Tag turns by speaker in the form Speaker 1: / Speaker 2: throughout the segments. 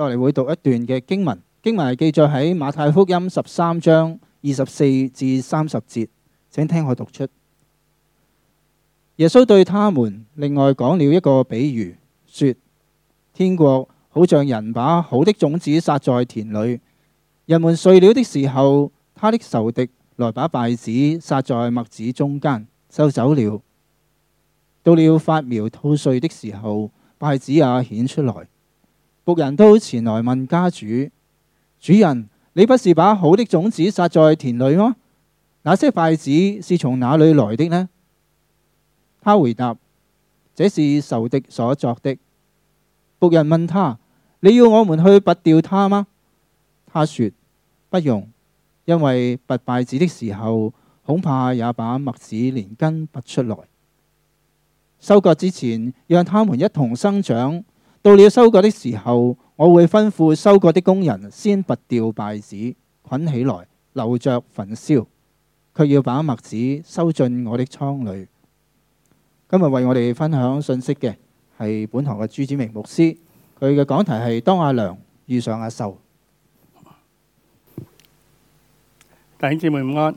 Speaker 1: 我哋會讀一段嘅經文，經文係記載喺馬太福音十三章二十四至三十節，請聽我讀出。耶穌對他們另外講了一個比喻，說：天國好像人把好的種子撒在田裏，人們睡了的時候，他的仇敵來把稗子撒在麥子中間，收走了。到了發苗吐穗的時候，稗子也顯出來。僕人都前來問家主：主人，你不是把好的種子撒在田裏嗎？那些稗子是從哪裏來的呢？他回答：這是仇敵所作的。僕人問他：你要我們去拔掉它嗎？他說：不用，因為拔稗子的時候，恐怕也把麥子連根拔出來。收割之前，讓他們一同生長。到了收割的時候，我會吩咐收割的工人先拔掉稗子，捆起來留着焚燒，卻要把麥子收進我的倉裏。今日為我哋分享信息嘅係本堂嘅朱子明牧師，佢嘅講題係《當阿良遇上阿壽》。
Speaker 2: 弟兄姊妹午安。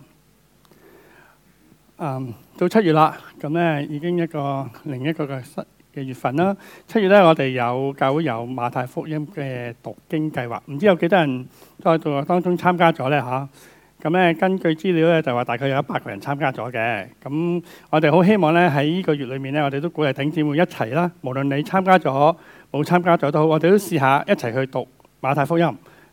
Speaker 2: Um, 到七月啦，咁呢已經一個另一個嘅失。嘅月份啦，七月咧我哋有教會有馬太福音嘅讀經計劃，唔知有幾多人喺度當中參加咗呢吓，咁、啊、咧、嗯、根據資料咧就話大概有一百個人參加咗嘅，咁、嗯、我哋好希望咧喺呢個月裏面咧，我哋都鼓勵頂姊妹一齊啦，無論你參加咗冇參加咗都好，我哋都試下一齊去讀馬太福音。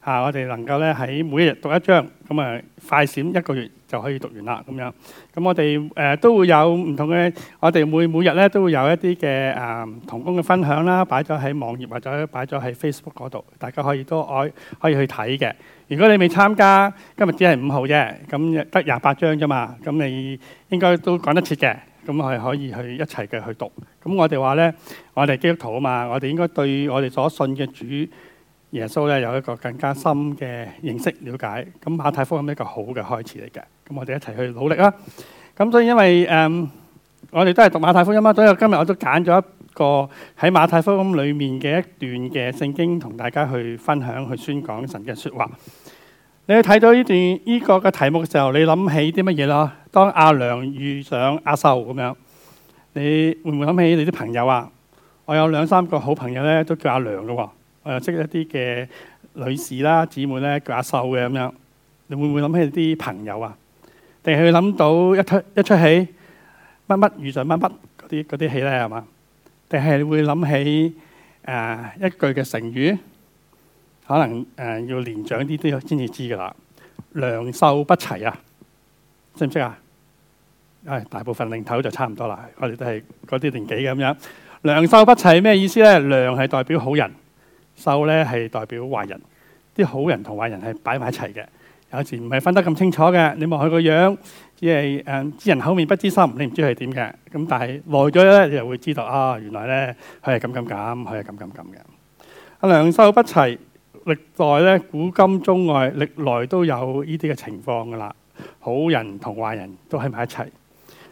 Speaker 2: 啊！我哋能夠咧喺每日讀一章，咁啊快閃一個月就可以讀完啦，咁樣。咁我哋誒、呃、都會有唔同嘅，我哋會每日咧都會有一啲嘅誒同工嘅分享啦，擺咗喺網頁或者擺咗喺 Facebook 嗰度，大家可以都愛可以去睇嘅。如果你未參加，今日只係五號啫，咁得廿八章啫嘛，咁你應該都趕得切嘅，咁係可以去一齊嘅去讀。咁我哋話咧，我哋基督徒啊嘛，我哋應該對我哋所信嘅主。耶穌咧有一個更加深嘅認識了解，咁馬太福音一個好嘅開始嚟嘅，咁我哋一齊去努力啦。咁所以因為誒，我哋都係讀馬太福音啦，所以我今日我都揀咗一個喺馬太福音裏面嘅一段嘅聖經，同大家去分享去宣講神嘅説話。你睇到呢段呢個嘅題目嘅時候，你諗起啲乜嘢囉？當阿良遇上阿秀咁樣，你會唔會諗起你啲朋友啊？我有兩三個好朋友咧，都叫阿良嘅喎。我又識一啲嘅女士啦，姊妹咧，叫阿秀嘅咁樣，你會唔會諗起啲朋友啊？定係會諗到一出一出戲乜乜遇上乜乜嗰啲啲戲咧係嘛？定係會諗起誒、呃、一句嘅成語，可能誒、呃、要年長啲啲先至知㗎啦。良莠不齊啊，識唔識啊？誒、哎，大部分零頭就差唔多啦。我哋都係嗰啲年紀嘅咁樣。良莠不齊咩意思咧？良係代表好人。秀咧係代表壞人，啲好人同壞人係擺埋一齊嘅，有時唔係分得咁清楚嘅。你望佢個樣，只係誒、嗯、知人口面不知心，你唔知係點嘅。咁但係耐咗咧，你又會知道啊、哦，原來咧佢係咁咁咁，佢係咁咁咁嘅。阿良莠不齊，歷代咧古今中外，歷來都有呢啲嘅情況噶啦。好人同壞人都喺埋一齊，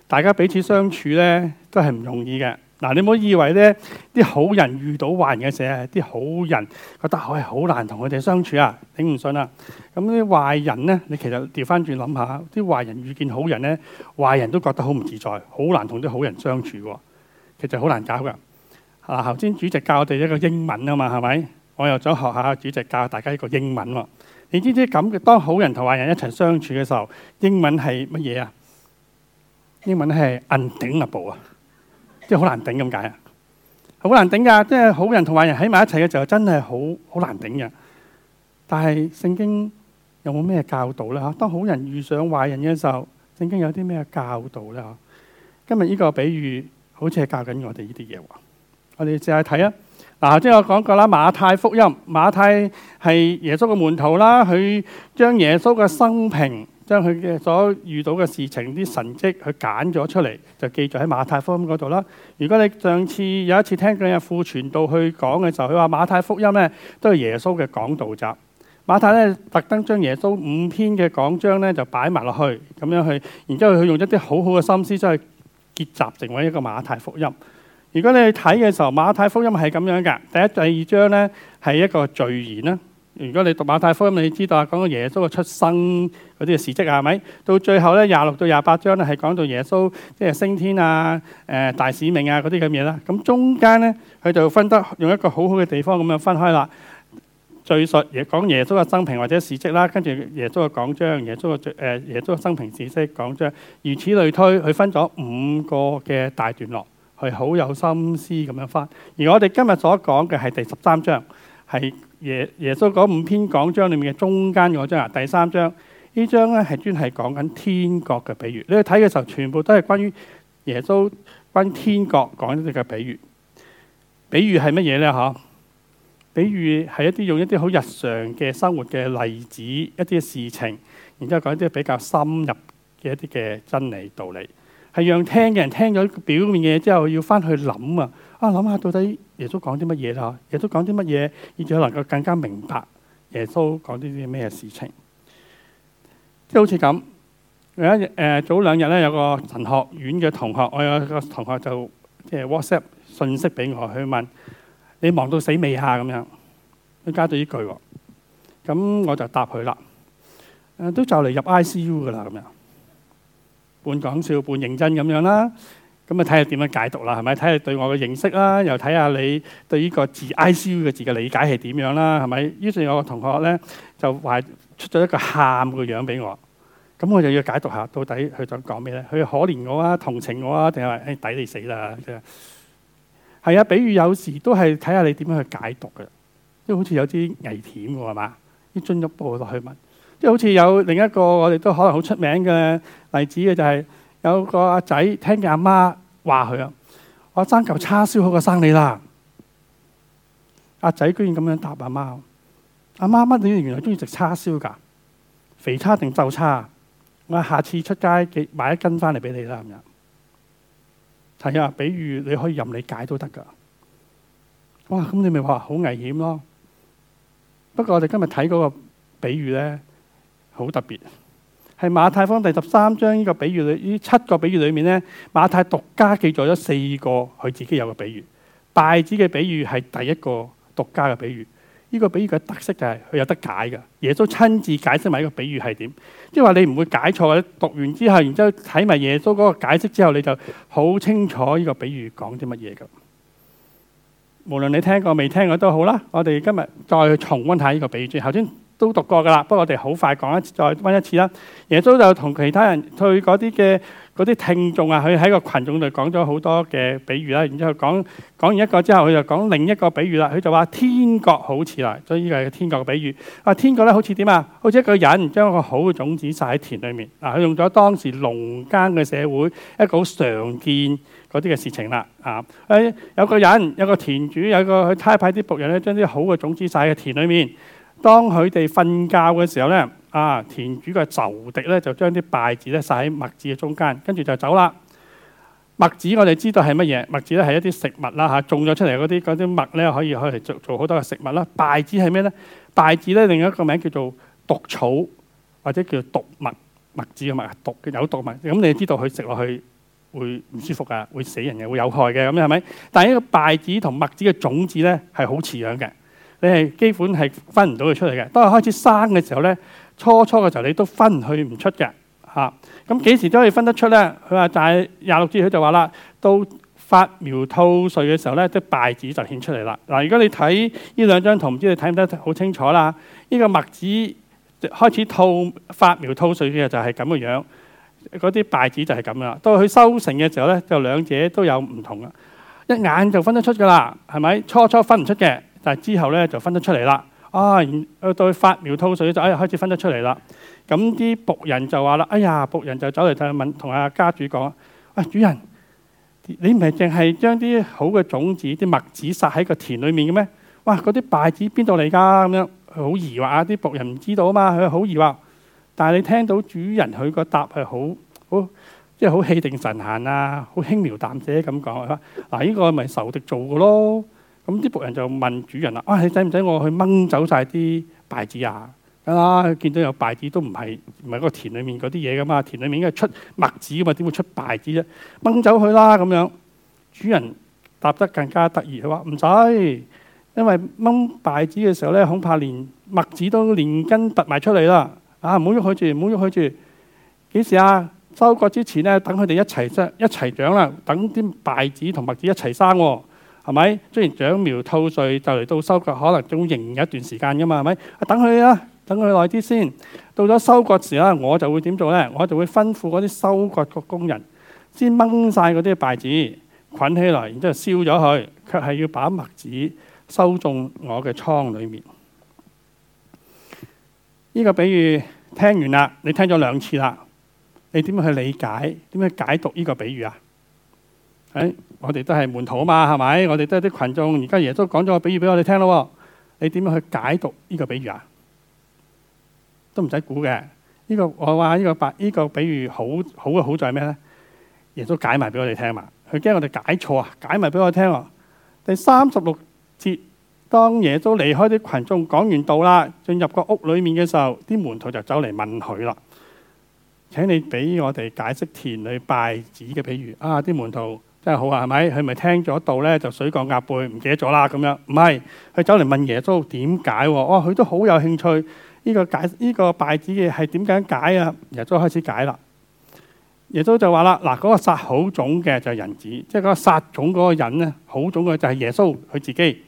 Speaker 2: 大家彼此相處咧都係唔容易嘅。嗱，你唔好以為呢啲好人遇到壞人嘅時候，啲好人覺得好係好難同佢哋相處啊，頂唔順啊。咁啲壞人呢，你其實調翻轉諗下，啲壞人遇見好人呢，壞人都覺得好唔自在，好難同啲好人相處喎，其實好難搞㗎。嗱、啊，頭先主席教我哋一個英文啊嘛，係咪？我又想學下主席教大家一個英文喎。你知唔知咁嘅？當好人同壞人一齊相處嘅時候，英文係乜嘢啊？英文係 un-ding-able？即係好難頂咁解啊，好難頂㗎！即係好人同壞人喺埋一齊嘅時候，真係好好難頂嘅。但係聖經有冇咩教導咧？吓，當好人遇上壞人嘅時候，聖經有啲咩教導咧？吓，今日呢個比喻好似係教緊我哋呢啲嘢喎。我哋淨係睇啊，嗱，即係我講過啦，馬太福音，馬太係耶穌嘅門徒啦，佢將耶穌嘅生平。將佢嘅所遇到嘅事情啲神蹟，佢揀咗出嚟就記載喺馬太福音嗰度啦。如果你上次有一次聽緊阿傅傳道去講嘅時候，佢話馬太福音呢都係耶穌嘅講道集。馬太咧特登將耶穌五篇嘅講章呢就擺埋落去，咁樣去，然之後佢用一啲好好嘅心思將佢結集成為一個馬太福音。如果你去睇嘅時候，馬太福音係咁樣㗎。第一第二章呢係一個序言啦。如果你讀馬太福音，你知道啊，講到耶穌嘅出生嗰啲嘅事蹟啊，係咪？到最後咧，廿六到廿八章咧係講到耶穌即係升天啊、誒大使命啊嗰啲咁嘢啦。咁中間咧，佢就分得用一個好好嘅地方咁樣分開啦。敘述亦講耶穌嘅生平或者事蹟啦，跟住耶穌嘅講章、耶穌嘅誒、耶穌嘅生平事蹟講章，如此類推，佢分咗五個嘅大段落，係好有心思咁樣分。而我哋今日所講嘅係第十三章。係耶耶穌嗰五篇講章裏面嘅中間嗰章啊，第三章。呢章咧係專係講緊天國嘅比喻。你去睇嘅時候，全部都係關於耶穌，關於天國講一啲嘅比喻。比喻係乜嘢咧？嗬？比喻係一啲用一啲好日常嘅生活嘅例子，一啲事情，然之後講一啲比較深入嘅一啲嘅真理道理。係讓聽嘅人聽咗表面嘢之後，要翻去諗啊！啊諗下到底耶穌講啲乜嘢啦？耶穌講啲乜嘢，以至能夠更加明白耶穌講啲啲咩事情？即係好似咁，有一誒早兩日咧，有個神學院嘅同學，我有個同學就即係 WhatsApp 信息俾我，佢問，你忙到死未下咁樣，佢加咗呢句，咁我就答佢啦。誒、啊，都就嚟入 ICU 噶啦，咁樣。半講笑半認真咁樣啦，咁啊睇下點樣解讀啦，係咪？睇下對我嘅認識啦，又睇下你對呢個字 ICU 嘅字嘅理解係點樣啦，係咪？於是有個同學咧就話出咗一個喊嘅樣俾我，咁我就要解讀下到底佢想講咩咧？佢可憐我啊，同情我啊，定係話誒抵你死啦？係啊，比如有時都係睇下你點樣去解讀嘅，因為好似有啲危險嘅係嘛，要進一步落去問。即係好似有另一個我哋都可能好出名嘅例子嘅，就係有個阿仔聽見阿媽話佢啊，我生嚿叉燒好過生你啦。阿仔居然咁樣答阿媽，阿媽，乜你原來中意食叉燒㗎？肥叉定瘦叉？我下次出街嘅買一斤翻嚟俾你啦，係咪？睇下比喻，你可以任你解都得㗎。哇，咁你咪話好危險咯。不過我哋今日睇嗰個比喻咧。好特別，係馬太福音第十三章呢個比喻裏，呢七個比喻裏面呢，馬太獨家記載咗四個佢自己有嘅比喻。稗子嘅比喻係第一個獨家嘅比喻。呢個比喻嘅特色就係佢有得解嘅，耶穌親自解釋埋呢個比喻係點，即係話你唔會解錯嘅。讀完之後，然之後睇埋耶穌嗰個解釋之後，你就好清楚呢個比喻講啲乜嘢嘅。無論你聽過未聽過都好啦，我哋今日再重溫下呢個比喻，最後先。都讀過㗎啦，不過我哋好快講一次，再問一次啦。耶穌就同其他人對嗰啲嘅嗰啲聽眾啊，佢喺個群眾度講咗好多嘅比喻啦。然之後講講完一個之後，佢就講另一個比喻啦。佢就話天國好似啦，所以呢個係天國嘅比喻。話天國咧好似點啊？好似一個人將個好嘅種子晒喺田裡面。啊，佢用咗當時農耕嘅社會一個好常見嗰啲嘅事情啦。啊，誒有個人有個田主，有個去差派啲僕人咧，將啲好嘅種子晒喺田裡面。當佢哋瞓覺嘅時候咧，啊田主嘅仇敵咧就將啲稗子咧撒喺麥子嘅中間，跟住就走啦。麥子我哋知道係乜嘢？麥子咧係一啲食物啦嚇，種咗出嚟嗰啲啲麥咧可以可以做做好多嘅食物啦。稗子係咩咧？稗子咧另一個名叫做毒草，或者叫毒麥。麥子嘅麥毒嘅有毒麥。咁你知道佢食落去會唔舒服噶，會死人嘅，會有害嘅咁樣係咪？但係呢個稗子同麥子嘅種子咧係好似樣嘅。你係基本係分唔到佢出嚟嘅。當佢開始生嘅時候咧，初初嘅時候你都分佢唔出嘅嚇。咁、啊、幾時都可以分得出咧？佢話，但係廿六節佢就話啦，到發苗吐穗嘅時候咧，即係稗子就顯出嚟啦。嗱、啊，如果你睇呢兩張圖，唔知你睇唔得好清楚啦。呢、這個麥子開始吐發苗吐穗嘅就係咁嘅樣，嗰啲稗子就係咁啦。到佢收成嘅時候咧，就兩者都有唔同啦。一眼就分得出噶啦，係咪初初分唔出嘅？但之後咧就分得出嚟啦，啊，對發苗吐水就，哎，開始分得出嚟啦。咁啲仆人就話啦，哎呀，僕人就走嚟問同阿家主講，喂，哎，主人，你唔係淨係將啲好嘅種子，啲麥子撒喺個田裡面嘅咩？哇，嗰啲稗子邊度嚟㗎？咁樣佢好疑惑，啊，啲僕人唔知道啊嘛，佢好疑惑。但係你聽到主人佢個答係好好，即係好氣定神閒啊，好輕描淡寫咁講嗱，呢，啊呢個咪仇敵做嘅咯。咁啲僕人就問主人啦，哇、啊，你使唔使我去掹走晒啲稗子啊？梗、啊、啦，見到有稗子都唔係唔係嗰田裏面嗰啲嘢噶嘛，田裏面應該出麥子嘛，點會出稗子啫？掹走佢啦，咁樣。主人答得更加得意，佢話唔使，因為掹稗子嘅時候咧，恐怕連麥子都連根拔埋出嚟啦。啊，唔好喐佢住，唔好喐佢住。幾時啊？收割之前咧，等佢哋一齊生一齊長啦，等啲稗子同麥子一齊生。係咪？雖然長苗吐穗就嚟到收割，可能仲要一段時間㗎嘛，係咪？等佢啊，等佢耐啲先。到咗收割時啦，我就會點做呢？我就會吩咐嗰啲收割嘅工人，先掹晒嗰啲稗子捆起來，然之後燒咗佢，卻係要把麥子收進我嘅倉裏面。呢、呢個比喻聽完啦，你聽咗兩次啦，你點去理解？點去解讀呢個比喻啊？誒、哎，我哋都係門徒嘛，係咪？我哋都係啲群眾。而家耶穌講咗個比喻俾我哋聽咯，你點樣去解讀呢個比喻啊？都唔使估嘅。呢、這個我話呢、這個白呢、這個比喻好好嘅好在咩呢？耶穌解埋俾我哋聽嘛，佢驚我哋解錯啊，解埋俾我聽。第三十六節，當耶穌離開啲群眾，講完道啦，進入個屋裏面嘅時候，啲門徒就走嚟問佢啦：請你俾我哋解釋田裏稗子嘅比喻。啊，啲門徒。真係好啊，係咪？佢咪聽咗到呢，就水過鴨背，唔記得咗啦。咁樣唔係佢走嚟問耶穌點解？哦，佢都好有興趣呢、呢個解呢、呢個稗子嘅係點解解啊？耶穌開始解啦。耶穌就話啦，嗱，嗰個撒好種嘅就係人子，即係嗰個撒種嗰個人咧，好種嘅就係耶穌佢自己。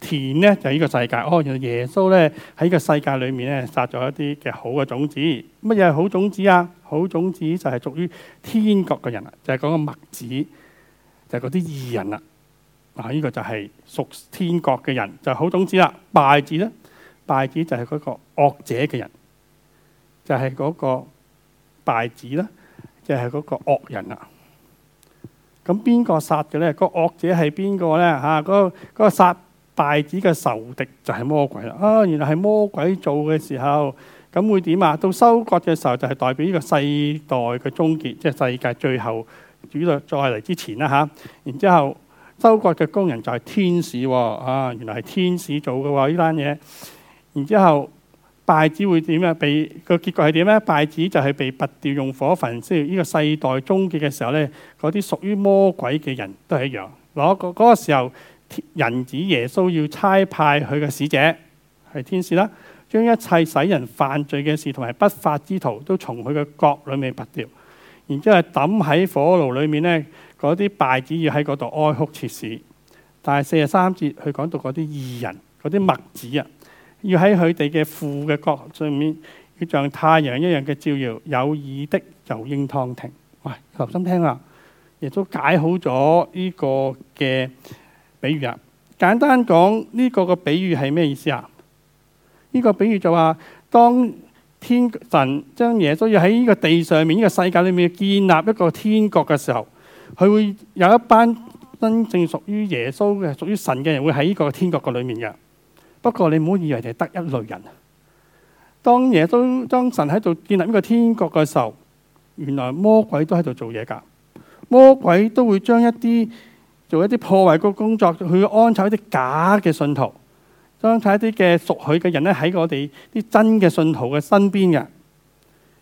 Speaker 2: 田呢，就係呢個世界哦。耶穌呢，喺個世界裡面咧，撒咗一啲嘅好嘅種子。乜嘢係好種子啊？好種子就係屬於天國嘅人啊，就係嗰個麥子。嗰啲義人啦，啊！呢、這個就係屬天國嘅人，就是、好種子啦。稗子咧，稗子就係嗰個惡者嘅人，就係、是、嗰個稗子啦，就係、是、嗰個惡人、那個、惡啊。咁、那、邊個撒嘅咧？個惡者係邊個咧？吓，嗰個嗰個撒稗子嘅仇敵就係魔鬼啦。啊，原來係魔鬼做嘅時候，咁會點啊？到收割嘅時候，就係代表呢個世代嘅終結，即、就、係、是、世界最後。主再再嚟之前啦吓，然之後收割嘅工人就係天使喎啊，原來係天使做嘅喎呢單嘢。然之後稗子會點咧？被個結局係點咧？稗子就係被拔掉用火焚，即係呢個世代終結嘅時候咧，嗰啲屬於魔鬼嘅人都係一樣攞個嗰個時候，人子耶穌要差派佢嘅使者係天使啦，將一切使人犯罪嘅事同埋不法之徒都從佢嘅國裏面拔掉。然之後抌喺火爐裏面呢，嗰啲拜子要喺嗰度哀哭切齒。但係四十三節佢講到嗰啲義人、嗰啲麥子啊，要喺佢哋嘅父嘅國上面，要像太陽一樣嘅照耀，有耳的就應當聽。喂，留心聽啊，亦都解好咗呢個嘅比喻啊。簡單講，呢、這個嘅比喻係咩意思啊？呢、這個比喻就話、是、當。天神將耶穌要喺呢個地上面呢個世界裏面建立一個天國嘅時候，佢會有一班真正屬於耶穌嘅、屬於神嘅人會喺呢個天國嘅裏面嘅。不過你唔好以為就係得一類人。當耶穌、當神喺度建立呢個天國嘅時候，原來魔鬼都喺度做嘢㗎。魔鬼都會將一啲做一啲破壞嘅工作，去安插一啲假嘅信徒。當睇一啲嘅屬佢嘅人咧，喺我哋啲真嘅信徒嘅身邊嘅，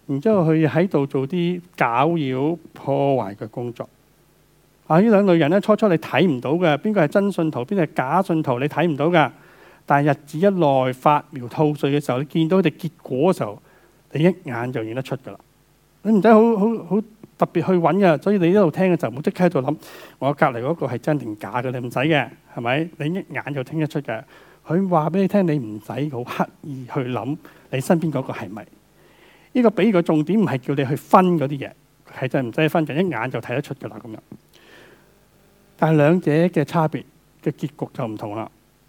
Speaker 2: 然之後去喺度做啲搞擾破壞嘅工作。啊！兩呢兩類人咧，初初你睇唔到嘅，邊個係真信徒，邊個係假信徒，你睇唔到噶。但係日子一耐，發苗吐穗嘅時候，你見到佢哋結果嘅時候，你一眼就認得出噶啦。你唔使好好好特別去揾噶，所以你一路聽嘅時候唔好即刻喺度諗，我隔離嗰個係真定假嘅？你唔使嘅，係咪？你一眼就聽得出嘅。佢話俾你聽，你唔使好刻意去諗，你身邊嗰個係咪？呢個比喻個重點，唔係叫你去分嗰啲嘢，係真唔使分就一眼就睇得出嘅啦。咁樣，但係兩者嘅差別嘅結局就唔同啦。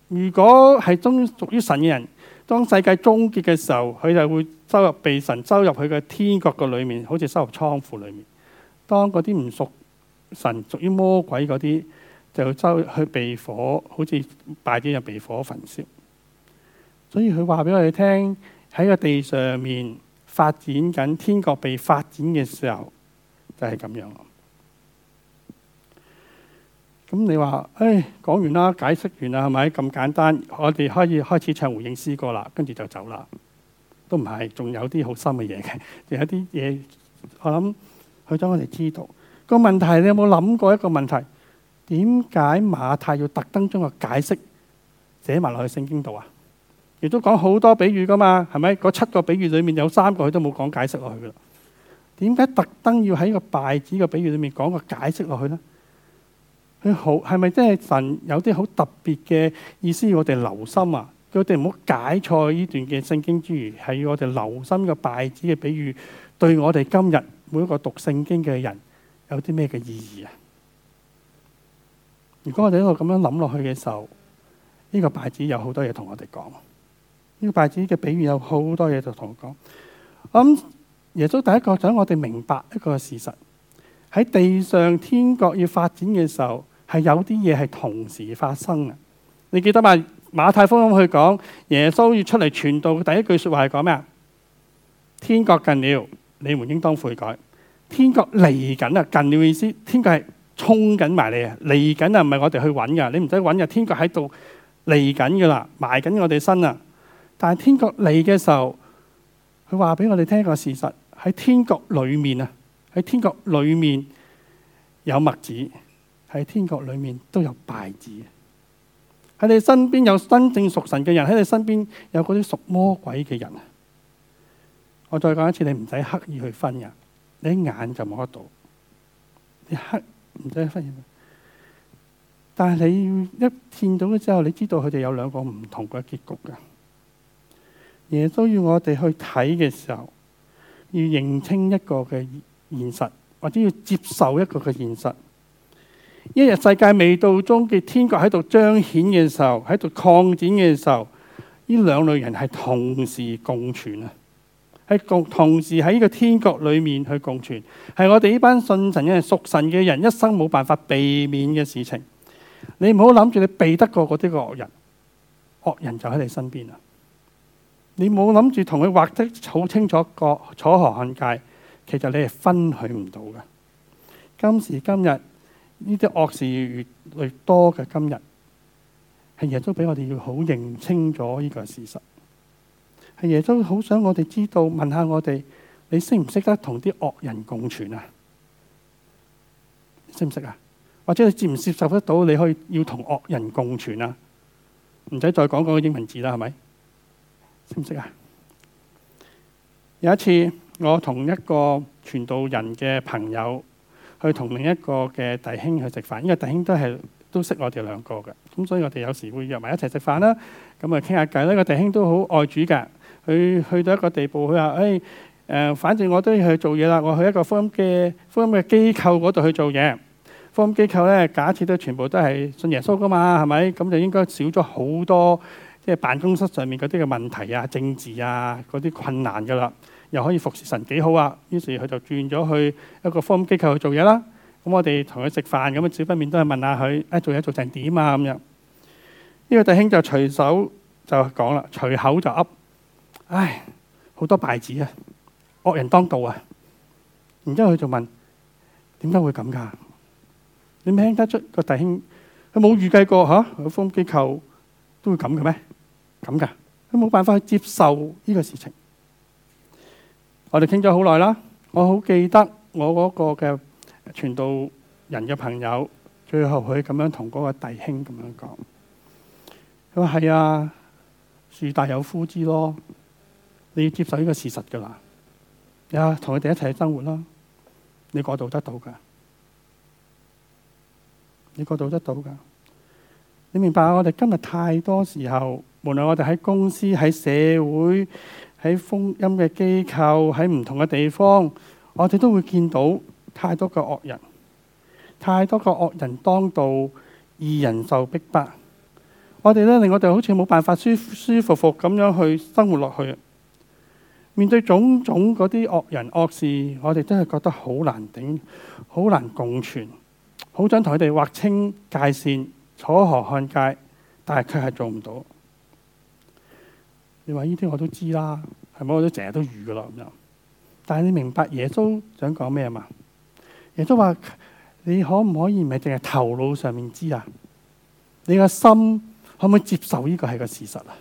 Speaker 2: 如果係忠屬於神嘅人，當世界終結嘅時候，佢就會收入被神收入佢嘅天國嘅裏面，好似收入倉庫裏面。當嗰啲唔屬神、屬於魔鬼嗰啲。就周去避火，好似拜啲又被火焚燒，所以佢話俾我哋聽，喺個地上面發展緊天國被發展嘅時候，就係咁樣。咁你話，誒，講完啦，解釋完啦，係咪咁簡單？我哋可以開始唱回應詩歌啦，跟住就走啦？都唔係，仲有啲好深嘅嘢嘅，仲有啲嘢，我諗佢想我哋知道個問題，你有冇諗過一個問題？點解馬太要特登將個解釋寫埋落去聖經度啊？亦都講好多比喻噶嘛，係咪？嗰七個比喻裏面有三個佢都冇講解釋落去噶啦。點解特登要喺個稗子嘅比喻裏面講個解釋落去呢？佢好係咪真係神有啲好特別嘅意思，要我哋留心啊！叫我哋唔好解錯呢段嘅聖經之餘，係要我哋留心個稗子嘅比喻，對我哋今日每一個讀聖經嘅人有啲咩嘅意義啊？如果我哋喺度咁樣諗落去嘅時候，呢、這個稗子有好多嘢同我哋講。呢、這個稗子嘅比喻有好多嘢就同我講。咁、嗯、耶穌第一個想我哋明白一個事實：喺地上天國要發展嘅時候，係有啲嘢係同時發生嘅。你記得嘛？馬太福音去講耶穌要出嚟傳道，第一句說話係講咩啊？天國近了，你們應當悔改。天國嚟緊啊，近了意思，天國係。通緊埋嚟啊！嚟緊啊，唔係我哋去揾噶，你唔使揾噶，天國喺度嚟緊噶啦，埋緊我哋身啊！但係天國嚟嘅時候，佢話俾我哋聽一個事實：喺天國裏面啊，喺天國裏面有麥子，喺天國裏面都有稗子。喺你身邊有真正屬神嘅人，喺你身邊有嗰啲屬魔鬼嘅人啊！我再講一次，你唔使刻意去分啊，你一眼就望得到，你刻。唔使，但係你一見到嘅之後，你知道佢哋有兩個唔同嘅結局㗎，耶穌都要我哋去睇嘅時候，要認清一個嘅現實，或者要接受一個嘅現實。一日世界未到終嘅，天國喺度彰顯嘅時候，喺度擴展嘅時候，呢兩類人係同時共存啊！同時喺呢個天國裏面去共存，係我哋呢班信神嘅人、屬神嘅人一生冇辦法避免嘅事情。你唔好諗住你避得過嗰啲惡人，惡人就喺你身邊啦。你冇諗住同佢劃得好清楚個楚河漢界，其實你係分許唔到噶。今時今日呢啲惡事越來越多嘅今日，係耶穌都俾我哋要好認清楚呢個事實。係耶穌都好想我哋知道，問下我哋，你識唔識得同啲惡人共存啊？你識唔識啊？或者你接唔接受得到？你可以要同惡人共存啊？唔使再講講英文字啦，係咪？識唔識啊？有一次，我同一個傳道人嘅朋友去同另一個嘅弟兄去食飯，因為弟兄都係都識我哋兩個嘅，咁所以我哋有時會約埋一齊食飯啦，咁啊傾下偈啦。個弟兄都好愛主噶。佢去，去到一個地步，佢話：誒、哎、誒、呃，反正我都要去做嘢啦。我去一個福音嘅福音嘅機構嗰度去做嘢。福音機構咧，假設都全部都係信耶穌噶嘛，係咪咁就應該少咗好多即係辦公室上面嗰啲嘅問題啊、政治啊嗰啲困難噶啦，又可以服侍神幾好啊。於是佢就轉咗去一個福音機構去做嘢啦。咁我哋同佢食飯咁樣，少不免都係問下佢：誒、哎、做嘢做成點啊？咁樣呢、這個弟兄就隨手就講啦，隨口就噏。唉，好多敗子啊，惡人當道啊！然之後佢就問：點解會咁噶？你聽得出個弟兄，佢冇預計過嚇有、啊、風機構都會咁嘅咩？咁噶，佢冇辦法去接受呢個事情。我哋傾咗好耐啦，我好記得我嗰個嘅傳道人嘅朋友，最後佢咁樣同嗰個弟兄咁樣講：佢話係啊，樹大有枯枝咯。你要接受呢個事實噶啦，啊，同佢哋一齊生活啦，你過渡得到噶，你過渡得到噶。你明白啊？我哋今日太多時候，無論我哋喺公司、喺社會、喺福音嘅機構、喺唔同嘅地方，我哋都會見到太多嘅惡人，太多嘅惡人當道，義人受逼迫，我哋咧令我哋好似冇辦法舒舒服服咁樣去生活落去。面對種種嗰啲惡人惡事，我哋真係覺得好難頂，好難共存。好想同佢哋劃清界線，楚河漢界，但係佢係做唔到。你話呢啲我都知啦，係咪？我都成日都預噶啦咁樣。但係你明白耶穌想講咩嘛？耶穌話：你可唔可以唔係淨係頭腦上面知啊？你個心可唔可以接受呢個係個事實啊？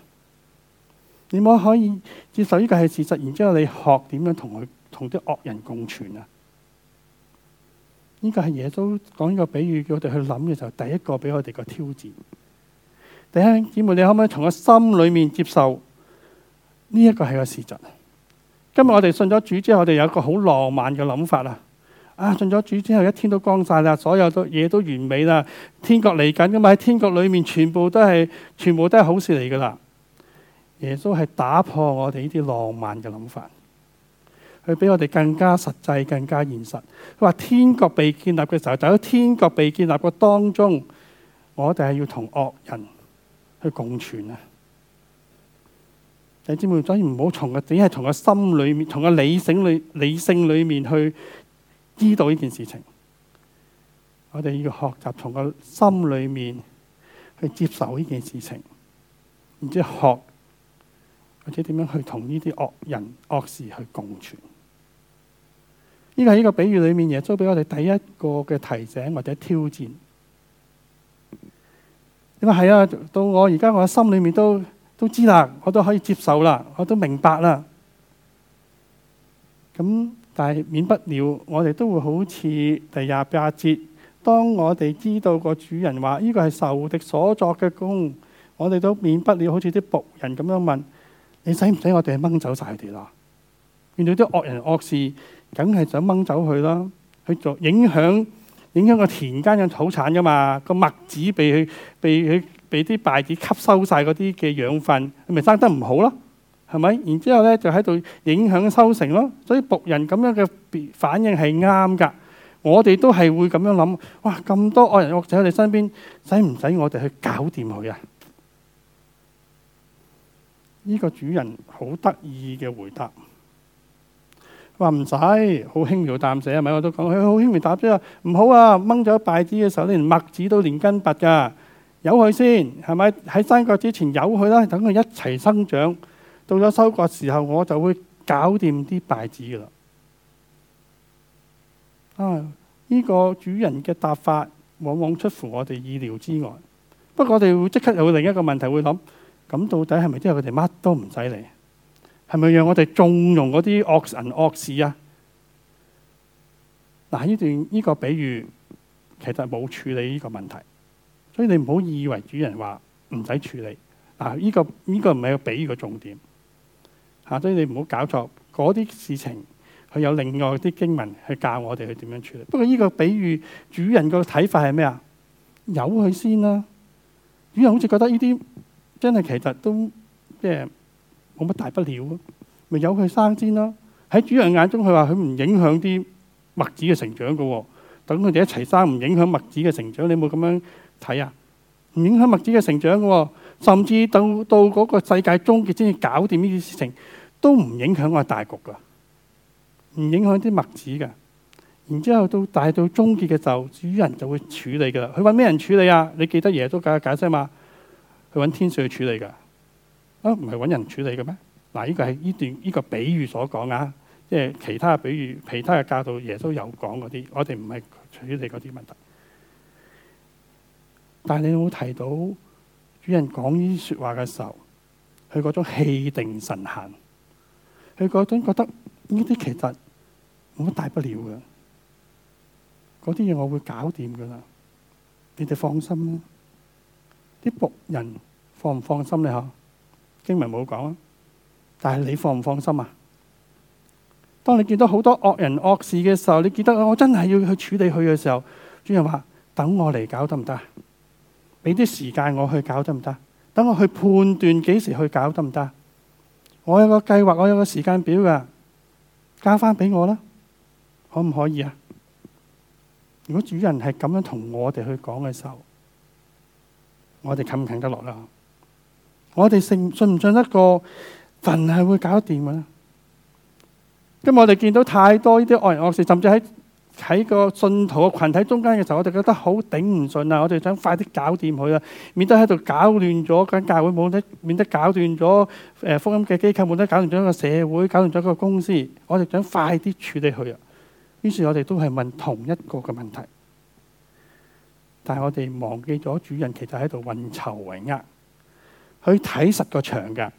Speaker 2: 你可可以接受呢個係事實，然之後你學點樣同佢同啲惡人共存啊？呢個係耶穌講呢個比喻，叫我哋去諗嘅時候，第一個俾我哋個挑戰。第一，姊妹你可唔可以從個心裏面接受呢一個係個事實？今日我哋信咗主之後，我哋有一個好浪漫嘅諗法啦。啊，信咗主之後，一天都光曬啦，所有都嘢都完美啦，天國嚟緊咁，喺天國裏面全部都係全部都係好事嚟噶啦。耶穌係打破我哋呢啲浪漫嘅諗法，佢俾我哋更加實際、更加現實。佢話天國被建立嘅時候，就喺天國被建立嘅當中，我哋係要同惡人去共存啊！弟兄姊妹，所以唔好從個，只係從個心裏面、從個理性裏理性裏面去知道呢件事情。我哋要學習從個心裏面去接受呢件事情，唔知學。或者點樣去同呢啲惡人惡事去共存？呢個依個比喻裏面，耶穌俾我哋第一個嘅提醒或者挑戰。點解係啊？到我而家我心裏面都都知啦，我都可以接受啦，我都明白啦。咁但係免不了，我哋都會好似第廿八節，當我哋知道個主人話呢個係仇敵所作嘅功，我哋都免不了好似啲僕人咁樣問。你使唔使我哋掹走晒佢哋啦？見到啲惡人惡事，梗係想掹走佢啦，去做影響影響個田間嘅土產噶嘛？個麥子被佢被佢俾啲稗子吸收晒嗰啲嘅養分，咪生得唔好咯？係咪？然之後咧，就喺度影響收成咯。所以僕人咁樣嘅反應係啱噶，我哋都係會咁樣諗：哇，咁多惡人惡者喺你身邊，使唔使我哋去搞掂佢啊？呢個主人好得意嘅回答，話唔使，好輕描淡寫係咪？我都講佢好輕描淡寫啊，唔好啊，掹咗稗子嘅時候咧，麥子都連根拔噶，由佢先，係咪？喺收割之前由佢啦，等佢一齊生長，到咗收割時候，我就會搞掂啲稗子噶啦。啊，呢、這個主人嘅答法，往往出乎我哋意料之外。不過我哋會即刻有另一個問題會諗。咁到底係咪真係佢哋乜都唔使理？係咪讓我哋縱容嗰啲惡神惡事啊？嗱，呢段呢個比喻其實冇處理呢個問題，所以你唔好以為主人話唔使處理。嗱、啊，呢、呢個呢、呢個唔係要比喻個重點。吓、啊，所以你唔好搞錯嗰啲事情，佢有另外啲經文去教我哋去點樣處理。不過呢個比喻主人個睇法係咩啊？由佢先啦、啊。主人好似覺得呢啲。真係其實都即係冇乜大不了，咪由佢生先咯。喺主人眼中，佢話佢唔影響啲麥子嘅成長噶喎。等佢哋一齊生，唔影響麥子嘅成長。你有冇咁樣睇啊？唔影響麥子嘅成長噶喎，甚至到到嗰個世界終結先至搞掂呢件事情，都唔影響我大局噶，唔影響啲麥子噶。然之後到大到終結嘅時候，主人就會處理噶啦。佢話咩人處理啊？你記得嘢，都解解釋嘛？去揾天使去處理㗎，啊唔係揾人處理嘅咩？嗱、啊，呢、呢個係呢段呢、呢個比喻所講啊，即係其他比喻，其他嘅教導，耶穌都有講嗰啲，我哋唔係處理嗰啲問題。但係你有冇提到，主人講呢啲説話嘅時候，佢嗰種氣定神閒，佢嗰種覺得呢啲其實冇乜大不了嘅，嗰啲嘢我會搞掂㗎啦，你哋放心啦。啲僕人放唔放心你？吓？經文冇講啊，但係你放唔放心啊？當你見到好多惡人惡事嘅時候，你記得我真係要去處理佢嘅時候，主人話：等我嚟搞得唔得？俾啲時間我去搞得唔得？等我去判斷幾時去搞得唔得？我有個計劃，我有個時間表噶，交翻俾我啦，可唔可以啊？如果主人係咁樣同我哋去講嘅時候，我哋近唔近得落啦？我哋信信唔信得過份係會搞掂嘅咧？今日我哋見到太多呢啲惡人惡事，甚至喺喺個信徒個群體中間嘅時候，我哋覺得好頂唔順啊！我哋想快啲搞掂佢啊，免得喺度搞亂咗間教會，冇得免得搞亂咗誒福音嘅機構，冇得搞亂咗個社會，搞亂咗個公司，我哋想快啲處理佢啊！於是，我哋都係問同一個嘅問題。但係我哋忘記咗主人其實喺度運籌帷幄，佢睇實個場嘅，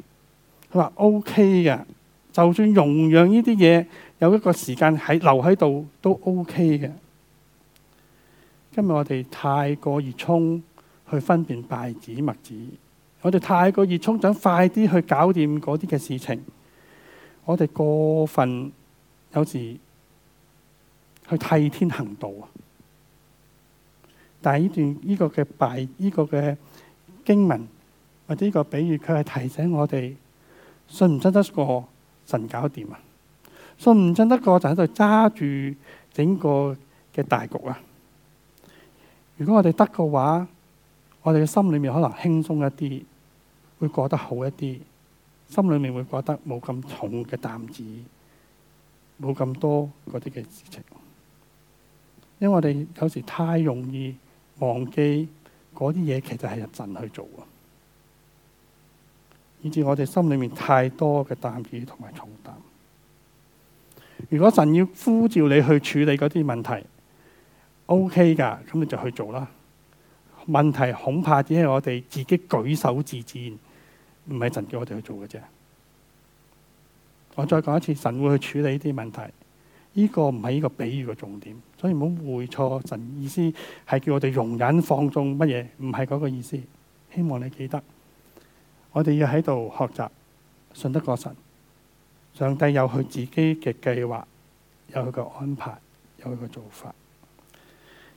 Speaker 2: 佢話 O.K. 嘅，就算容讓呢啲嘢有一個時間喺留喺度都 O.K. 嘅。今日我哋太過熱衷去分辨稗子麥子，我哋太過熱衷想快啲去搞掂嗰啲嘅事情，我哋過分有時去替天行道啊！但係呢段呢個嘅敗呢個嘅經文或者呢個比喻，佢係提醒我哋信唔信得過神搞掂啊？信唔信得過就喺度揸住整個嘅大局啊！如果我哋得嘅話，我哋嘅心裏面可能輕鬆一啲，會過得好一啲，心裏面會覺得冇咁重嘅擔子，冇咁多嗰啲嘅事情。因為我哋有時太容易。忘記嗰啲嘢，其實係神去做嘅，以至我哋心裏面太多嘅擔子同埋重擔。如果神要呼召你去處理嗰啲問題，OK 噶，咁你就去做啦。問題恐怕只係我哋自己舉手自薦，唔係神叫我哋去做嘅啫。我再講一次，神會去處理呢啲問題。呢個唔係呢個比喻嘅重點，所以唔好會錯神，意思係叫我哋容忍放縱乜嘢，唔係嗰個意思。希望你記得，我哋要喺度學習信得過神，上帝有佢自己嘅計劃，有佢嘅安排，有佢嘅做法。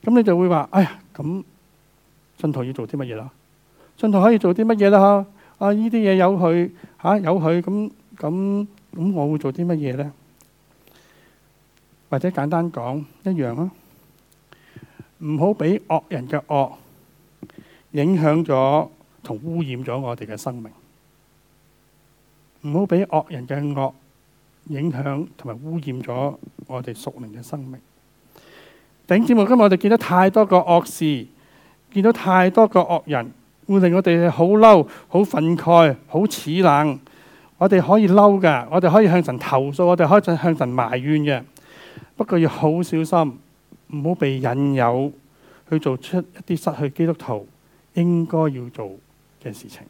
Speaker 2: 咁你就會話：哎呀，咁信徒要做啲乜嘢啦？信徒可以做啲乜嘢啦？啊，呢啲嘢有佢吓、啊，有佢咁咁咁，我會做啲乜嘢咧？或者簡單講一樣啊，唔好俾惡人嘅惡影響咗同污染咗我哋嘅生命。唔好俾惡人嘅惡影響同埋污染咗我哋屬靈嘅生命。頂節目今日我哋見到太多個惡事，見到太多個惡人，會令我哋好嬲、好憤慨、好恥冷。我哋可以嬲噶，我哋可以向神投訴，我哋可以向神埋怨嘅。不過要好小心，唔好被引誘去做出一啲失去基督徒應該要做嘅事情。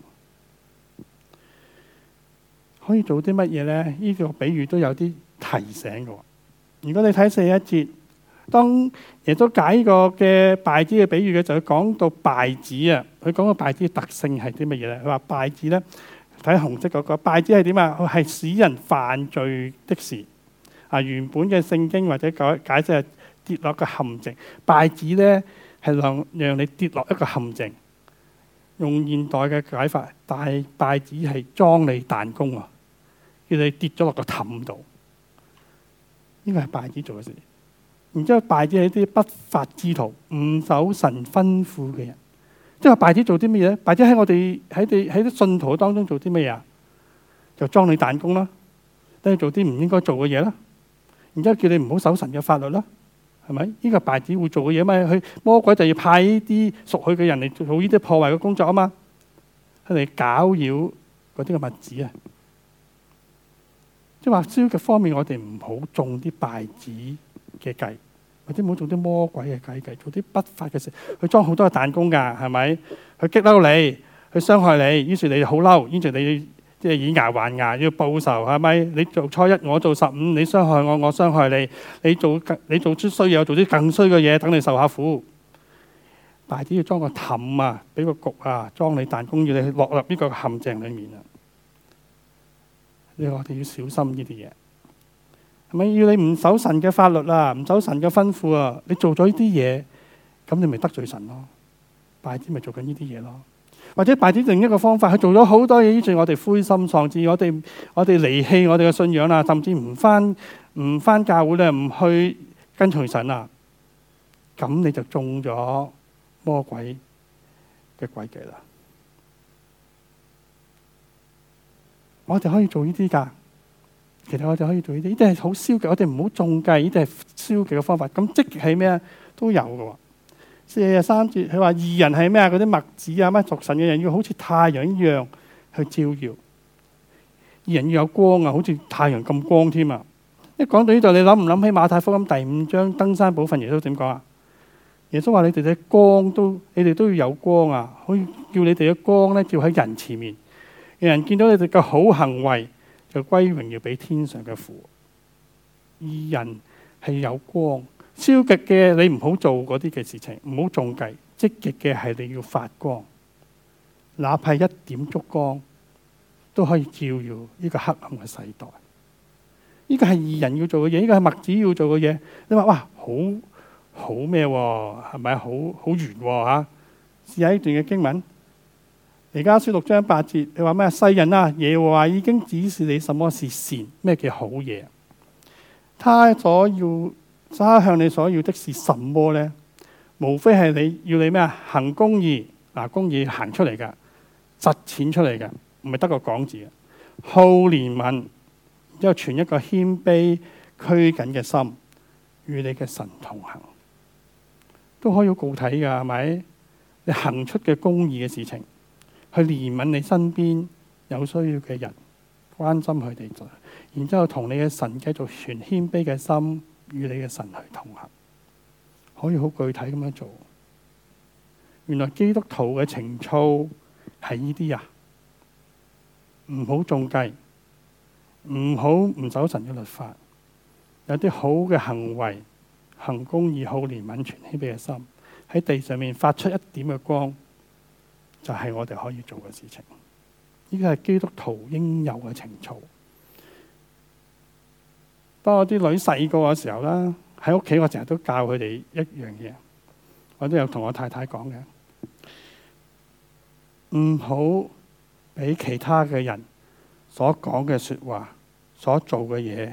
Speaker 2: 可以做啲乜嘢呢？呢、這個比喻都有啲提醒嘅。如果你睇四一節，當耶穌解呢個嘅稗子嘅比喻嘅，就佢講到稗子啊，佢講個稗子嘅特性係啲乜嘢呢？佢話稗子呢，睇紅色嗰、那個稗子係點啊？係使人犯罪的事。啊！原本嘅聖經或者解解釋係跌落個陷阱，拜子咧係令讓你跌落一個陷阱。用現代嘅解法，但係拜子係裝你彈弓啊！叫你跌咗落個氹度，呢個係拜子做嘅事。然之後，拜子係一啲不法之徒，唔守神吩咐嘅人。即係拜子做啲咩咧？拜子喺我哋喺哋喺啲信徒當中做啲咩啊？就裝你彈弓啦，等你做啲唔應該做嘅嘢啦。然之後叫你唔好守神嘅法律啦，係咪？呢個敗子會做嘅嘢啊嘛，佢魔鬼就要派呢啲屬佢嘅人嚟做好呢啲破壞嘅工作啊嘛，佢嚟搞擾嗰啲嘅物質啊。即係話消極方面，我哋唔好中啲敗子嘅計，或者唔好中啲魔鬼嘅計計，做啲不法嘅事。去裝好多嘅彈弓㗎，係咪？去激嬲你，去傷害你，於是你好嬲，於是你。即係以牙還牙，要報仇係咪？你做初一，我做十五，你傷害我，我傷害你。你做，你做出衰嘢，我做啲更衰嘅嘢，等你受下苦。大啲要裝個氹啊，俾個局啊，裝你彈弓，要你落入呢個陷阱裡面啊！你話我哋要小心呢啲嘢。係咪要你唔守神嘅法律啊？唔守神嘅吩咐啊？你做咗呢啲嘢，咁你咪得罪神咯。大啲咪做緊呢啲嘢咯。或者擺啲另一個方法，去做咗好多嘢，於是我哋灰心喪志，我哋我哋離棄我哋嘅信仰啦，甚至唔返唔返教會咧，唔去跟隨神啊，咁你就中咗魔鬼嘅鬼計啦。我哋可以做呢啲噶，其實我哋可以做呢啲，呢啲係好消極，我哋唔好中計，呢啲係消極嘅方法。咁積極係咩啊？都有嘅喎。借三節，佢話二人係咩啊？嗰啲墨子啊，咩作神嘅人要好似太陽一樣去照耀，二人要有光啊，好似太陽咁光添啊！一講到呢度，你諗唔諗起馬太福音第五章登山寶訓？耶穌點講啊？耶穌話你哋嘅光都，你哋都要有光啊！可以叫你哋嘅光咧，照喺人前面，有人見到你哋嘅好行為，就歸榮耀俾天上嘅父。二人係有光。消極嘅你唔好做嗰啲嘅事情，唔好中計。積極嘅係你要發光，哪怕一點燭光都可以照耀呢個黑暗嘅世代。呢個係義人要做嘅嘢，呢個係墨子要做嘅嘢。你話哇，好好咩、啊？係咪好好圓吓、啊？試下呢段嘅經文。而家書六章八節，你話咩？世人啊，耶和華已經指示你什麼是善，咩叫好嘢。他所要。揸向你所要的是什麼呢？無非係你要你咩啊？行公義，嗱公義行出嚟嘅，實踐出嚟嘅，唔係得個講字嘅，好憐憫，然之後存一個謙卑拘謹嘅心，與你嘅神同行，都可以好具體㗎，係咪？你行出嘅公義嘅事情，去憐憫你身邊有需要嘅人，關心佢哋，然之後同你嘅神繼續存謙卑嘅心。與你嘅神去同行，可以好具體咁樣做。原來基督徒嘅情操係呢啲啊，唔好中計，唔好唔守神嘅律法，有啲好嘅行為，行公義、好憐憫、存謙卑嘅心，喺地上面發出一點嘅光，就係我哋可以做嘅事情。呢個係基督徒應有嘅情操。當我啲女細個嘅時候啦，喺屋企我成日都教佢哋一樣嘢，我都有同我太太講嘅，唔好俾其他嘅人所講嘅説話、所做嘅嘢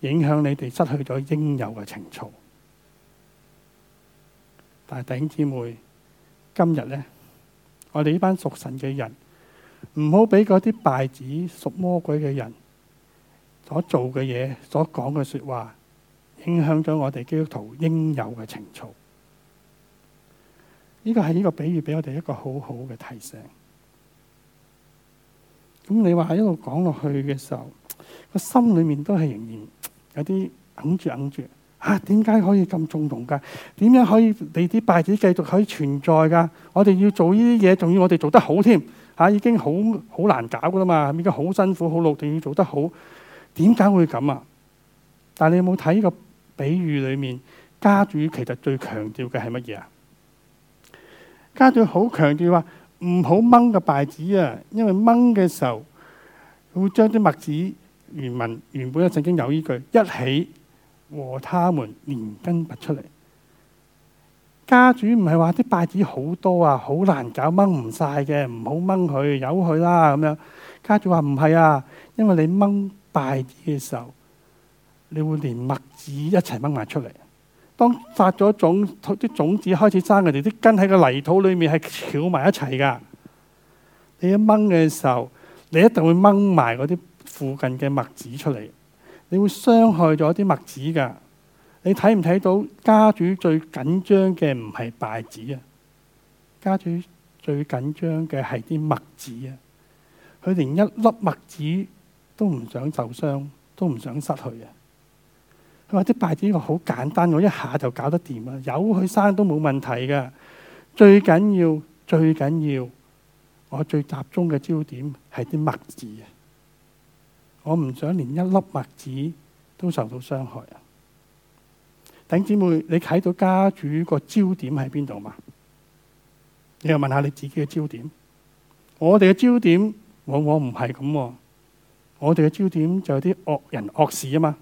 Speaker 2: 影響你哋失去咗應有嘅情操。但係弟兄姊妹，今日呢，我哋呢班屬神嘅人，唔好俾嗰啲敗子、屬魔鬼嘅人，所做嘅嘢，所講嘅說話，影響咗我哋基督徒應有嘅情操。呢、這個係呢個比喻，俾我哋一個好好嘅提醒。咁、嗯、你話喺度講落去嘅時候，個心裏面都係仍然有啲硬住硬住。啊，點解可以咁縱容噶？點樣可以你啲拜子繼續可以存在噶？我哋要做呢啲嘢，仲要我哋做得好添？啊，已經好好難搞噶啦嘛，而家好辛苦好努力要做得好。點解會咁啊？但係你有冇睇呢個比喻裏面？家主其實最強調嘅係乜嘢啊？家主好強調話唔好掹個稗子啊，因為掹嘅時候會將啲麥子原文原本曾經有呢句一起和他們連根拔出嚟。家主唔係話啲稗子好多啊，好難搞掹唔晒嘅，唔好掹佢，由佢啦咁樣。家主話唔係啊，因為你掹。稗子嘅時候，你會連麥子一齊掹埋出嚟。當發咗種，啲種子開始生，佢哋啲根喺個泥土裏面係翹埋一齊噶你一掹嘅時候，你一定會掹埋嗰啲附近嘅麥子出嚟，你會傷害咗啲麥子噶你睇唔睇到家主最緊張嘅唔係稗子啊？家主最緊張嘅係啲麥子啊！佢連一粒麥子都唔想受傷，都唔想失去啊！佢話啲稗子好簡單，我一下就搞得掂啊！有佢生都冇問題噶。最緊要，最緊要，我最集中嘅焦點係啲麥子啊！我唔想連一粒麥子都受到傷害啊！頂姊妹，你睇到家主個焦點喺邊度嘛？你又問下你自己嘅焦點。我哋嘅焦點往往唔係咁。我哋嘅焦點就有啲惡人惡事，惡人惡事啊！嘛，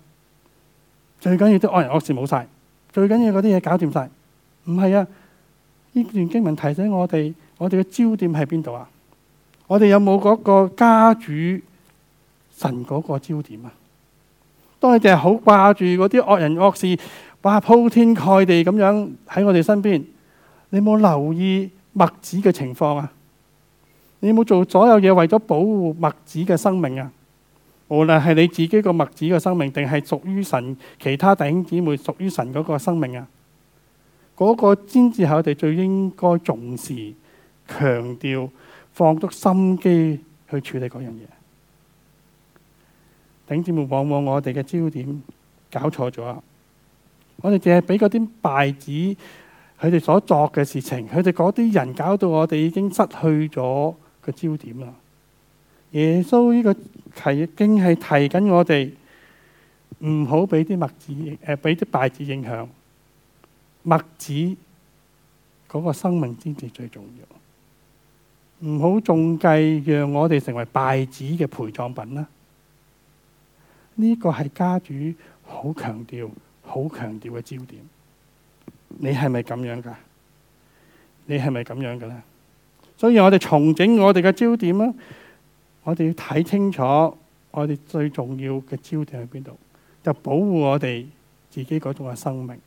Speaker 2: 最緊要啲惡人惡事冇晒，最緊要嗰啲嘢搞掂晒。唔係啊！呢段經文提醒我哋，我哋嘅焦點喺邊度啊？我哋有冇嗰個家主神嗰個焦點啊？當你哋係好掛住嗰啲惡人惡事，哇，鋪天蓋地咁樣喺我哋身邊，你冇留意墨子嘅情況啊？你冇做所有嘢為咗保護墨子嘅生命啊？無論係你自己個麥子個生命，定係屬於神其他弟兄姊妹屬於神嗰個生命啊，嗰 個先至係我哋最應該重視、強調、放足心機去處理嗰樣嘢。弟兄姊妹，往往我哋嘅焦點搞錯咗，我哋淨係俾嗰啲稗子，佢哋所作嘅事情，佢哋嗰啲人搞到我哋已經失去咗個焦點啦。耶穌呢個提經係提緊我哋，唔好俾啲麥子誒，俾啲稗子影響麥子嗰、那個生命先至最重要。唔好仲計，讓我哋成為稗子嘅陪葬品啦。呢、這個係家主好強調、好強調嘅焦點。你係咪咁樣噶？你係咪咁樣噶咧？所以，我哋重整我哋嘅焦點啦。我哋要睇清楚，我哋最重要嘅焦點喺邊度？就保護我哋自己嗰種嘅生命，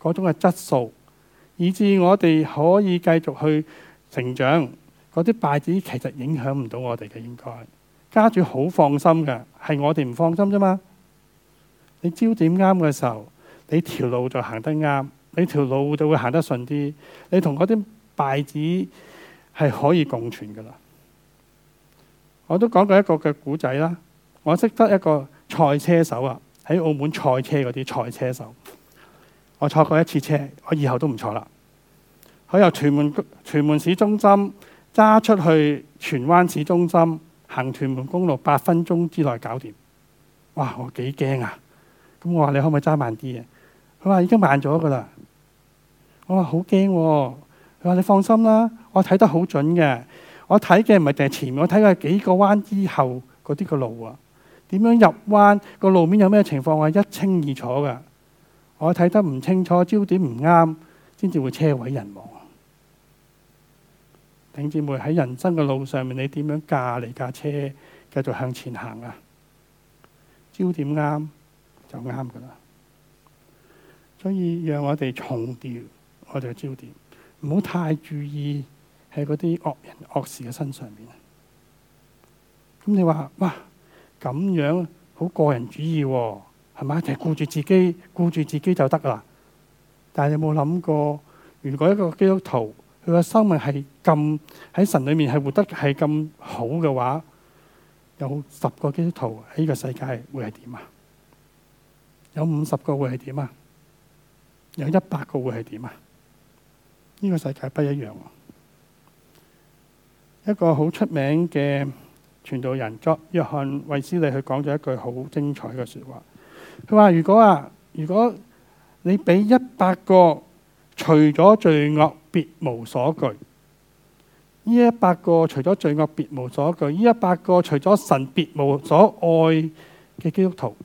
Speaker 2: 嗰種嘅質素，以至我哋可以繼續去成長。嗰啲敗子其實影響唔到我哋嘅，應該家主好放心噶，係我哋唔放心啫嘛。你焦點啱嘅時候，你條路就行得啱，你條路就會行得順啲。你同嗰啲敗子係可以共存噶啦。我都講過一個嘅古仔啦。我識得一個賽車手啊，喺澳門賽車嗰啲賽車手。我坐過一次車，我以後都唔坐啦。佢由屯門屯門市中心揸出去荃灣市中心，行屯門公路八分鐘之內搞掂。哇！我幾驚啊！咁我話你可唔可以揸慢啲啊？佢話已經慢咗㗎喇。我話好驚喎。佢話、啊、你放心啦，我睇得好準嘅。我睇嘅唔係淨係前面，我睇嘅係幾個彎之後嗰啲個路啊，點樣入彎，個路面有咩情況啊，我一清二楚噶。我睇得唔清楚，焦點唔啱，先至會車毀人亡。嗯、弟兄姊妹喺人生嘅路上面，你點樣駕你架車繼續向前行啊？焦點啱就啱噶啦。所以讓我哋重調我哋嘅焦點，唔好太注意。喺嗰啲惡人惡事嘅身上面，咁你話哇咁樣好個人主義係咪？就顧住自己，顧住自己就得㗎啦。但係你有冇諗過，如果一個基督徒佢嘅生命係咁喺神裏面，係活得係咁好嘅話，有十個基督徒喺呢個世界會係點啊？有五十個會係點啊？有一百個會係點啊？呢個世界不一樣。一個好出名嘅傳道人作，約翰衛斯理，佢講咗一句好精彩嘅説話。佢話：如果啊，如果你俾一,一百個除咗罪惡別無所懼，呢一百個除咗罪惡別無所懼，呢一百個除咗神別無所愛嘅基督徒，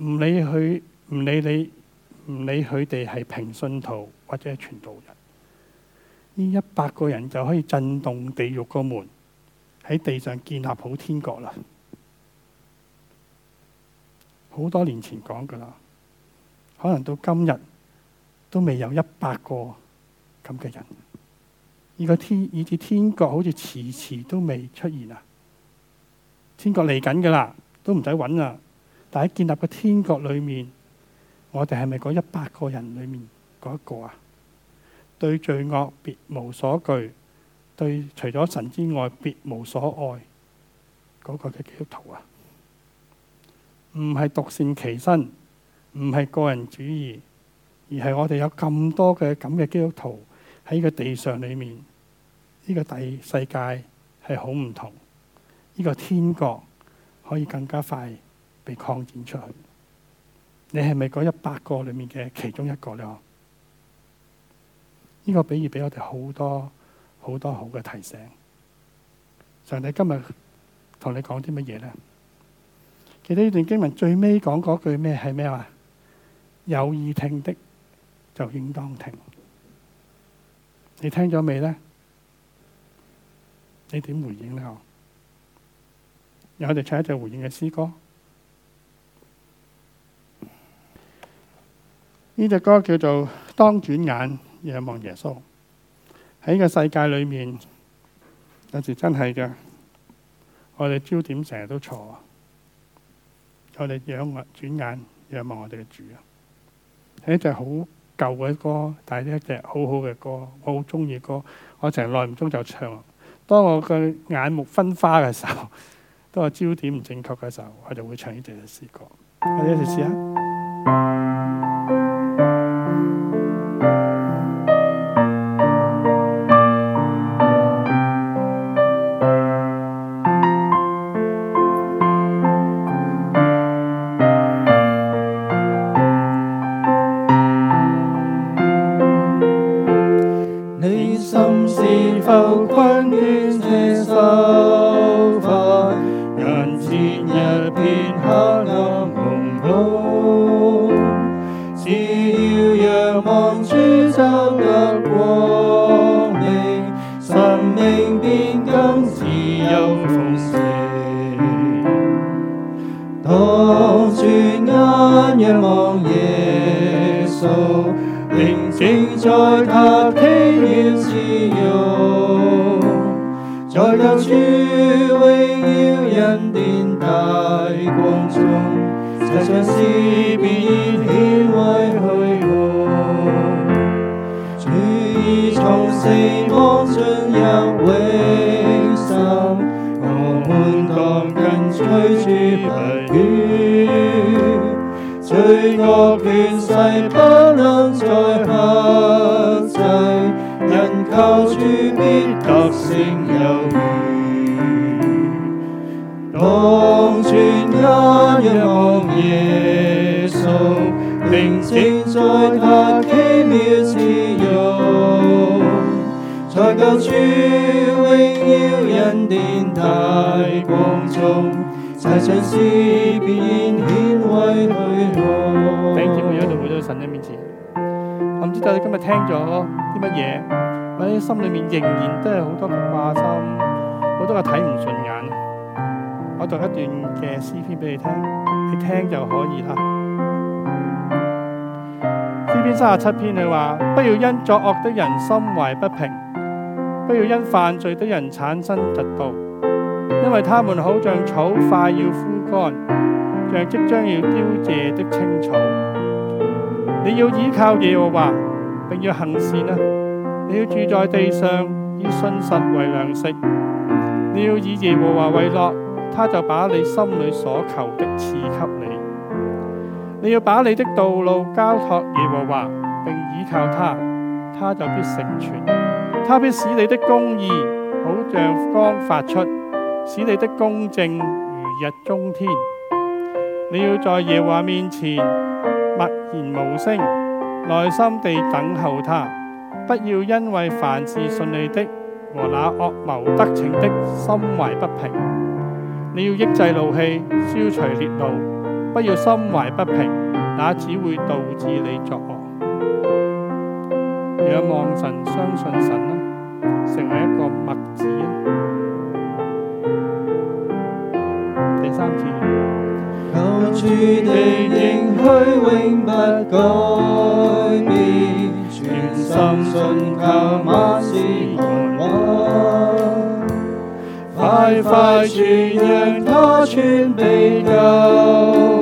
Speaker 2: 唔理佢，唔理你，唔理佢哋係平信徒或者係傳道人。呢一百個人就可以震動地獄個門，喺地上建立好天國啦。好多年前講噶啦，可能到今日都未有一百個咁嘅人。呢個天，以至天國好似遲遲都未出現啊！天國嚟緊噶啦，都唔使揾啦。但喺建立個天國裏面，我哋係咪嗰一百個人裏面嗰一個啊？對罪惡別無所懼，對除咗神之外別無所愛，嗰個嘅基督徒啊，唔係獨善其身，唔係個人主義，而係我哋有咁多嘅咁嘅基督徒喺個地上裏面，呢個世界係好唔同，呢個天國可以更加快被擴展出去。你係咪嗰一百個裏面嘅其中一個呢？呢個比喻俾我哋好多好多好嘅提醒。上帝今日同你講啲乜嘢咧？記得呢段經文最尾講嗰句咩？係咩話？有意聽的就應當聽。你聽咗未咧？你點回應咧？有我哋唱一隻回應嘅詩歌。呢隻歌叫做《當轉眼》。仰望耶穌。喺呢個世界裏面有時真係噶我哋焦點成日都錯，我哋仰望轉眼仰望我哋嘅主啊！係呢隻好舊嘅歌，但係呢一隻好好嘅歌，我好中意嘅歌，我成日耐唔中就唱。當我嘅眼目昏花嘅時候，當我焦點唔正確嘅時候，我就會唱呢隻嘅詩歌。我哋一齊試下。
Speaker 3: 靈前在下奇妙自由，才現現用在舊處永耀人前太光中，在上師面前顯威去諾。平時我有讀好到神面
Speaker 2: 前。我唔知道你今日聽咗啲乜嘢？喺心裏面仍然都係好多嘅掛心，好多嘅睇唔順眼。我讀一段嘅詩篇俾你聽，你聽就可以啦。詩篇三十七篇嘅話，不要因作惡的人心懷不平，不要因犯罪的人產生嫉妒，因為他們好像草快要枯乾，像即將要凋謝的青草。你要倚靠耶和華，並要行善啊！你要住在地上，以信實為糧食。你要以耶和華為樂，他就把你心裏所求的賜給你。你要把你的道路交託耶和華，並倚靠他，他就必成全，他必使你的公義好像光發出，使你的公正如日中天。你要在耶和華面前默然無聲，耐心地等候他，不要因為凡事順利的和那惡謀得逞的，心懷不平。你要抑制怒氣，消除烈怒。不要心懷不平，那只會導致你作惡。仰望神，相信神啦，成為一個麥子啊！第三次，
Speaker 3: 有主的應許永不改變，全心信靠馬斯洛，快快傳讓他穿被救。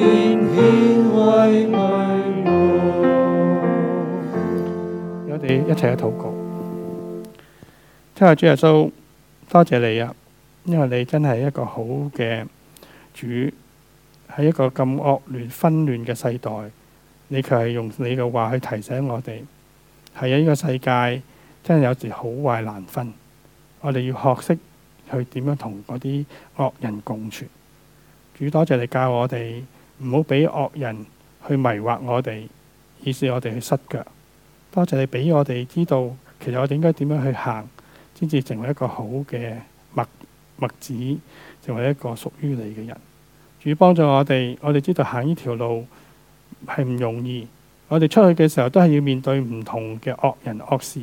Speaker 2: 一齊去禱告。真係主耶穌，多謝你啊！因為你真係一個好嘅主，喺一個咁惡劣紛亂嘅世代，你卻係用你嘅話去提醒我哋，係啊，呢個世界真係有時好壞難分。我哋要學識去點樣同嗰啲惡人共存。主多謝你教我哋唔好俾惡人去迷惑我哋，以致我哋去失腳。多謝你俾我哋知道，其實我哋應該點樣去行，先至成為一個好嘅墨墨子，成為一個屬於你嘅人。主幫助我哋，我哋知道行呢條路係唔容易。我哋出去嘅時候都係要面對唔同嘅惡人惡事。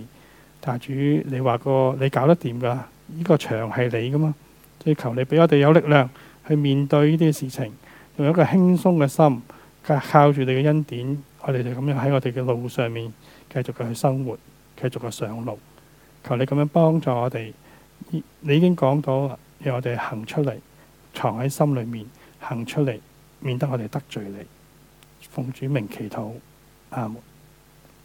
Speaker 2: 但係主，你話過你搞得掂噶，呢、這個場係你噶嘛，所求你俾我哋有力量去面對呢啲事情，用一個輕鬆嘅心，靠住你嘅恩典，我哋就咁樣喺我哋嘅路上面。繼續嘅去生活，繼續嘅上路，求你咁樣幫助我哋。你已經講咗，要我哋行出嚟，藏喺心裏面，行出嚟，免得我哋得罪你。奉主名祈禱，阿門。